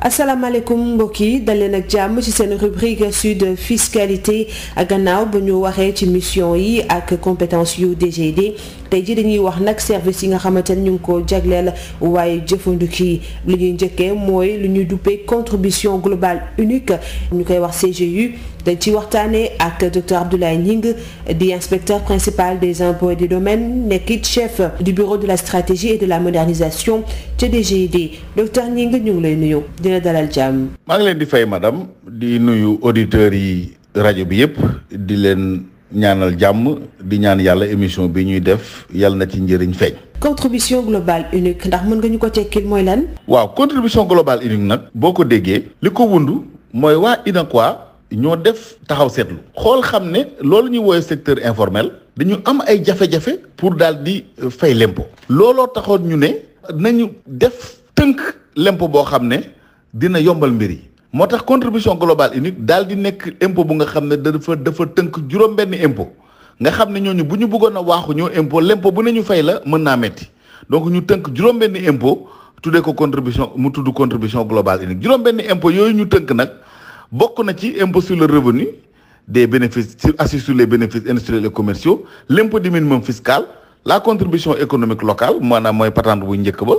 asalaamaaleykum mbokk yi daleen ak jàmm ci seen rubrique sud fiscalité gannaaw ba ñu waxee ci mission yi ak compétence yu DGD tey ji dañuy wax nag service yi nga xamante ne ñu ngi ko jagleel waaye jëfandiku yi li ñuy njëkkee mooy lu ñuy duppee contribution globale unique ñu koy wax CGU dañ ci waxtaanee ak docteur Abdoulaye Gningue di inspecteur principal des impôts et des domaines nekkit chef du bureau de la stratégie et de la modernisation ca di docteur Gningue ñu ngi lay nuyu dina dalal jàmm. maa ngi leen di fay madame di nuyu auditeurs yi rajo bi yëpp di leen ñaanal jàmm di ñaan yàlla émission bi ñuy def yàlla na ci njëriñ feeñ. contribution globale unique ndax mën nga ñu ko tekkil mooy lan. waaw contribution globale unique nag boo ko déggee li ko wundu ñoo def taxaw seetlu xool xam ne loolu ñuy woowee secteur informel dañu am ay jafe-jafe pour daal di euh, fay lempo looloo taxoon ñu ne nañu def tënk lempo boo xam ne dina yombal mbir yi moo tax contribution globale unique daal di nekk impôt bu nga xam ne dafa dafa tënk juróom-benn impôt nga xam ne ñooñu bu ñu bëggoon a waaxu ñoo impôt l'impôt bu ne ñu fay la mën naa métti donc ñu tënk juróom-benn impôt tuddee ko contribution mu tudd contribution globale unique juróom-benn impôt yooyu ñu tënk nag bokk na ci impôt sur revenu des bénéfice assis sur les bénéfices industriels et commerciaux l'impôt du minimum fiscal la contribution économique locale maanaam mooy patente bu njëkk ba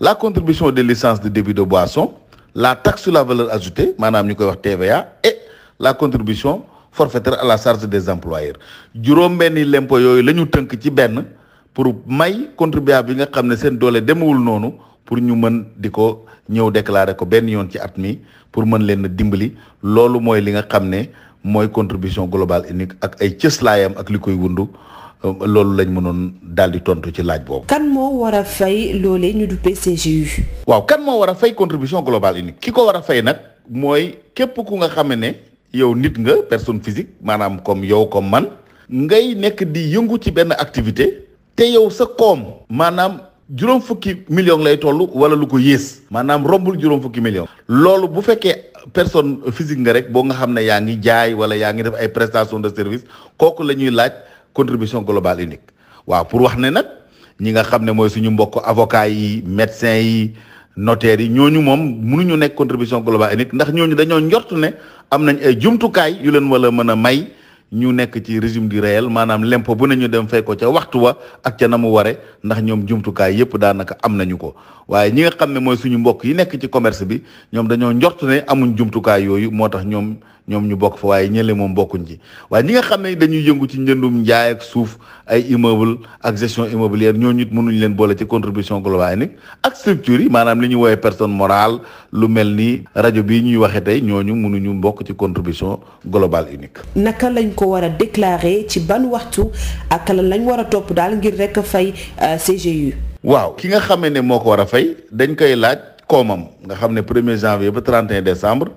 la contribution des licences de débit de boisson la taxe sur la valeur ajoutée maanaam ñu koy wax TVA et la contribution forfaitaire à la charge des employeurs juróom-benni l'impôt yooyu la ñu tënk ci benn pour may contribuable bi nga xam ne seen doole demewul noonu pour ñu mën di ko ñëw déclarer ko benn yoon ci at mi pour mën leen a dimbali loolu mooy li nga xam ne mooy contribution globale unique ak ay cëslaayam ak li koy wundu euh, loolu lañ mënoon daal di tontu ci laaj boobu. kan moo war a fay loolee ñu duppee CGU. waaw kan moo war a fay contribution globale unique. ki ko war a fay nag mooy képp ku nga xam ne yow nit nga personne physique maanaam kom yow comme man. ngay nekk di yëngu ci benn activité. te yow sa koom. maanaam juróom fukki million lay toll wala lu ko yées maanaam rombul juróom fukki million loolu bu fekkee personne physique nga rek boo nga xam ne yaa ngi jaay wala yaa ngi def ay prestation de service kooku la ñuy laaj contribution globale unique waaw pour wax ne nag ñi nga xam ne mooy suñu mbokk avocat yi médecin yi notaire yi ñooñu moom mënuñu nekk contribution globale unique ndax ñooñu dañoo njort ne am nañ ay jumtukaay yu leen wala mën a may ñu nekk ci régime du réel maanaam lempo bu ne ñu dem fay ko ca waxtu wa ak ca na mu ware ndax ñoom jumtukaay yëpp daanaka am nañu ko waaye ñi nga xam ne mooy suñu mbokk yi nekk ci commerce bi ñoom dañoo njort ne amuñ jumtukaay yooyu moo tax ñoom ñoom ñu bokk fa waaye ñële moom bokkuñ ci waaye ñi nga xam ne dañuy yëngu ci njëndum njaay ak suuf ay immeuble ak gestion immobilière ñooñu it mënuñ leen boole ci contribution globale yi ak structure yi maanaam li ñu woowee personne morale lu mel ni rajo bii ñuy waxee tey ñu mënuñu mbokk ci contribution globale unique. naka lañ ko war a déclarer ci ban waxtu ak lan lañ war a topp daal ngir rek fay euh, CGU. waaw ki nga xamee ne moo ko war a fay dañ koy laaj koomam nga xam ne 1er janvier ba 31 décembre.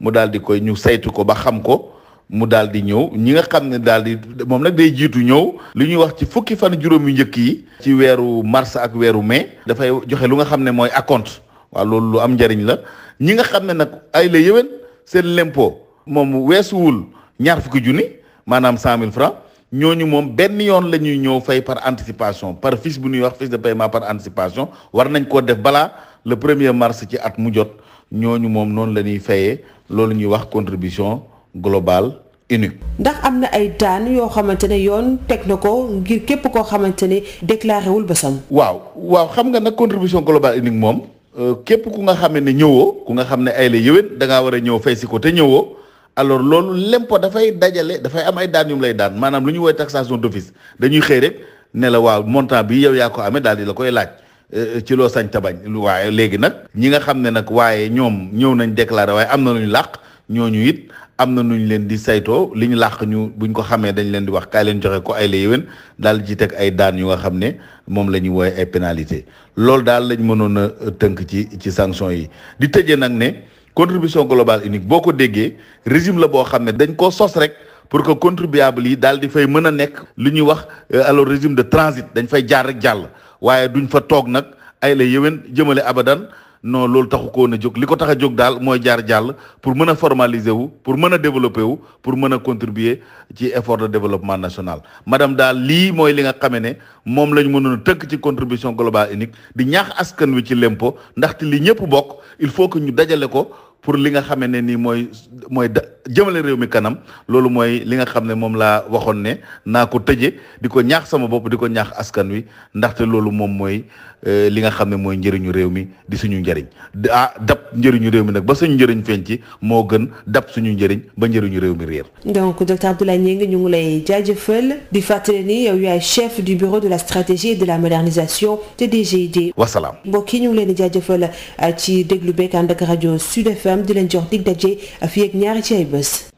mu daal di koy ñu saytu ko ba xam ko mu daal di ñëw ñi nga xam ne daal di moom nag day jiitu ñëw lu ñuy wax ci fukki fan juróom yu njëkk yi ci weeru mars ak weeru mai dafay joxe lu nga xam ne mooy acompte waaw loolu lu am njariñ la ñi nga xam ne nag ay la yëwén seen lempo moom weesuwul ñaar fukki junni maanaam cent mille francs ñooñu moom benn yoon la ñuy ñëw fay par anticipation par fiche bu ñuy wax fiche de paiement par anticipation war nañ koo def balaa le premier mars ci at mu jot ñooñu moom noonu la ñuy fayee loolu ñuy wax contribution global unique. ndax am na ay daan yoo xamante ne yoon teg na ko ngir képp koo xamante ne déclaré wul basam waaw waaw xam nga nag contribution globale unique moom euh, képp ku nga xam ne ñëwoo ku nga xam ne ay la yëwén da ngaa war a ñëw fay si ko te ñëwoo. alors loolu l'impôt dafay dajale dafay am ay daan yu mu lay daan maanaam lu ñu woowee taxation d'office dañuy xëy rek ne la waaw montant bi yow yaa ko amee daal di la koy laaj. Euh, ci loo sañ ta waaye léegi nag ñi nga xam ne nag waaye ñoom ñëw nañ déclaré waaye am na lu ñu làq ñooñu it am na nuñ leen di saytoo li ñu làq ñu buñ ko xamee dañ leen di wax kaay leen joxe ko ay la yéwén daal ci teg ay daan yu nga xam ne moom la ñuy wooye ay pénalité loolu daal lañ mënoon a euh, tënk ci ci sanction yi di tëjee nag ne contribution globale unique boo ko déggee régime la boo xam ne dañ ko sos rek pour que contribuable yi daal di fay mën a nekk lu ñuy wax euh, alors régime de transit dañ fay jaar rek jàll waaye duñ fa toog nag ay la yéwén jëmale abadan non loolu taxu ko woon a jóg li ko tax a jóg daal mooy jaar jàll pour mën a formaliser wu pour mën a développer wu pour mën a contribuer ci effort de développement national madame daal lii mooy li nga xamee ne moom la ñu mënoon a tënk ci contribution globale unique di ñax askan wi ci lempo ndaxte li ñëpp bokk il faut que ñu dajale ko pour li nga xamee ne nii mooy mooy da jëmale réew mi kanam loolu mooy li nga xam ne moom laa waxoon ne naa ko tëjee di ko ñax sama bopp di ko ñax askan wi ndaxte loolu moom mooy euh, li nga xam ne mooy njëriñu réew mi di suñu njëriñ ah dap njëriñu réew mi nag ba suñu njëriñ feeñ ci moo gën dab suñu njëriñ ba njëriñu réew mi réer. donc docteur Abdoulaye Gningue ñu ngi lay jaajëfal di fàttali ni yow yaay chef du bureau de la stratégie et de la modernisation te DGID. wasalaam mbokk yi FM di leen jox dig daje fii ak ñaari ci ay bés.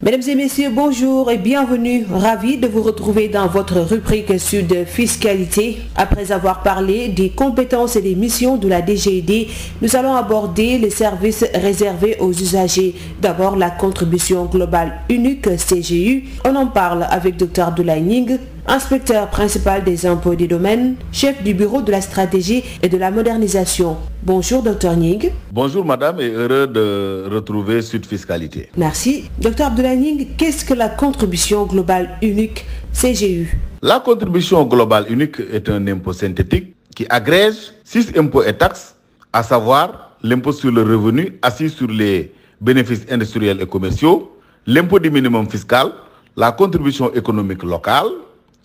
Mesdames et messieurs, bonjour et bienvenue. Ravi de vous retrouver dans votre rubrique Sud Fiscalité. Après avoir parlé des compétences et des missions de la DGID, nous allons aborder les services réservés aux usagers. D'abord, la contribution globale unique CGU. On en parle avec Dr Abdoulaye inspecteur principal des impôts des domaines, chef du bureau de la stratégie et de la modernisation. Bonjour docteur Ning. Bonjour madame et heureux de retrouver Sud Fiscalité. Merci. Docteur Abdoulaye la contribution globale unique CGU La contribution globale unique est un impôt synthétique qui agrège six impôts et taxes, à savoir l'impôt sur le revenu assis sur les bénéfices industriels et commerciaux, l'impôt du minimum fiscal, la contribution économique locale,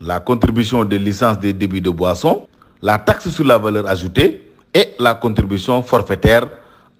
la contribution de licences des débits de boissons, la taxe sur la valeur ajoutée et la contribution forfaitaire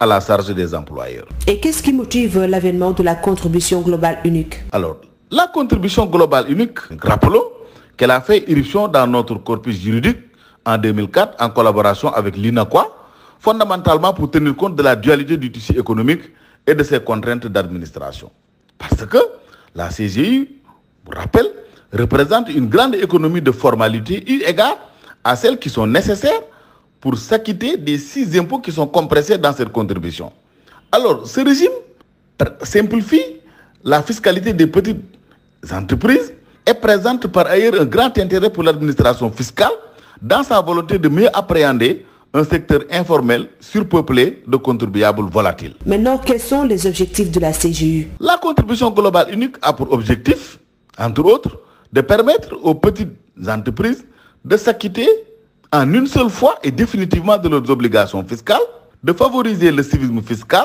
à la charge des employeurs. Et qu'est-ce qui motive l'avènement de la contribution globale unique Alors, la contribution globale unique, rappelons qu'elle a fait irruption dans notre corpus juridique en 2004 en collaboration avec l'INAQUA, fondamentalement pour tenir compte de la dualité du tissu économique et de ses contraintes d'administration. représente une grande économie de formalité eu égard à celles qui sont nécessaires pour s'acquitter des six impôts qui sont compressés dans cette contribution. Alors, ce régime simplifie la fiscalité des petites entreprises est présente par ailleurs un grand intérêt pour l'administration fiscale dans sa volonté de mieux appréhender un secteur informel surpeuplé de contribuables volatiles. Maintenant, quels sont les objectifs de la CGU La contribution globale unique a pour objectif, entre de permettre aux petites entreprises de s'acquitter en une seule fois et définitivement de leurs obligations fiscales, de favoriser le civisme fiscal,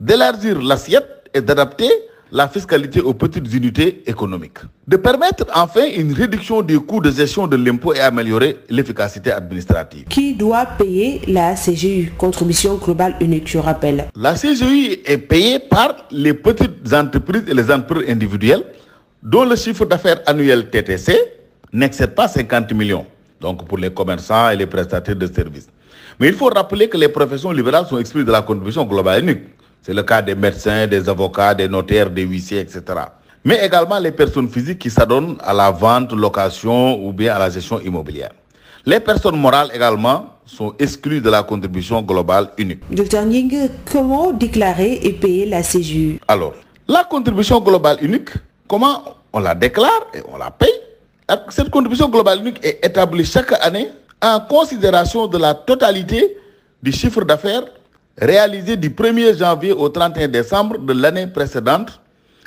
d'élargir l'assiette et d'adapter la fiscalité aux petites unités économiques. De permettre enfin une réduction des coûts de gestion de l'impôt et améliorer l'efficacité administrative. Qui doit payer la CGU, contribution globale unique, je rappelle La CGU est payée par les petites entreprises et les entreprises individuelles dont le chiffre d'affaires annuel TTC n'excède pas 50 millions, donc pour les commerçants et les prestataires de services. Mais il faut rappeler que les professions libérales sont exclues de la contribution globale unique. C'est le cas des médecins, des avocats, des notaires, des huissiers, etc. Mais également les personnes physiques qui s'adonnent à la vente, location ou bien à la gestion immobilière. Les personnes morales également sont exclues de la contribution globale unique. Docteur Ning, comment déclarer la CGU Alors, unique comment on la déclare et on la paye. Cette contribution globale unique année en considération de la totalité du chiffre d'affaires réalisé du 1er janvier au 31 décembre de l'année précédente.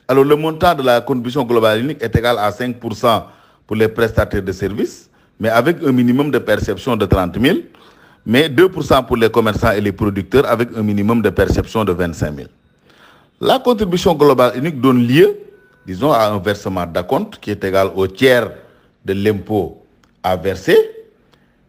Alors le montant de la contribution globale à 5% pour les prestataires de services, mais avec un minimum de perception de 30 000, mais 2% pour les commerçants et les producteurs avec un minimum de perception de 25 000. La contribution globale unique donne disons, à un versement d'acompte qui est égal au tiers de l'impôt à verser,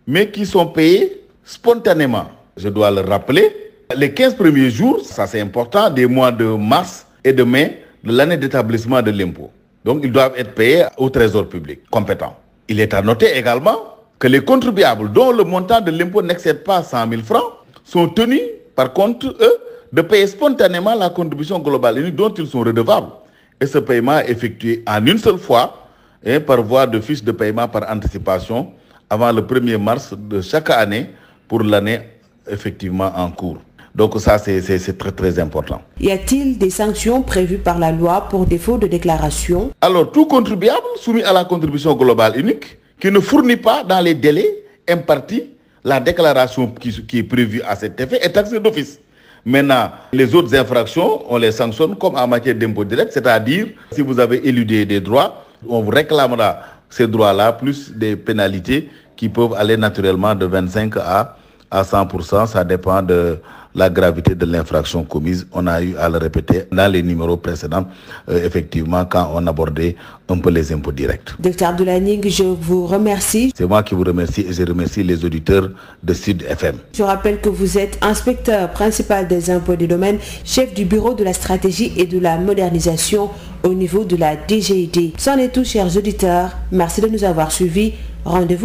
mais qui sont payés spontanément. Je dois le rappeler, les 15 premiers jours, ça c'est important, des mois de mars et de mai de l'année d'établissement de l'impôt. Donc ils doivent être payés au trésor public compétent. Il est à noter également que les contribuables dont le montant de l'impôt n'excède pas 100 000 francs sont tenus, par contre, eux, de payer spontanément la contribution globale et ce paiement effectué en une seule fois et par voie de fiche de paiement par anticipation avant le 1er mars de chaque année pour l'année effectivement en cours. Donc ça, c'est très très important. Y a-t-il des sanctions prévues par la loi pour défaut de déclaration Alors, tout contribuable soumis à la contribution globale unique qui ne fournit pas dans les délais impartis la déclaration qui, qui est prévue à cet effet est taxé d'office. Maintenant, les autres infractions, on les sanctionne comme en matière d'impôt direct, c'est-à-dire si vous avez éludé des droits, on vous réclamera ces droits-là, plus des pénalités qui peuvent aller naturellement de 25 à, à 100%, ça dépend de, la gravité de l'infraction commise. On a eu à le répéter dans les numéros précédents, euh, effectivement, quand on abordait un peu les impôts directs. Docteur Abdoulaye je vous remercie. C'est moi qui vous remercie et je remercie les auditeurs de Sud FM. Je rappelle que vous êtes inspecteur principal des impôts des domaines, chef du bureau de la stratégie et de la modernisation au niveau de la DGID. C'en est tout, chers auditeurs. Merci de nous avoir suivis. rendez